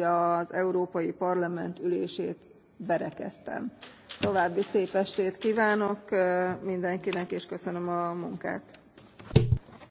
az európai parlament ülését berekeztem. további szép estét kvánok mindenkinek és köszönöm a munkát.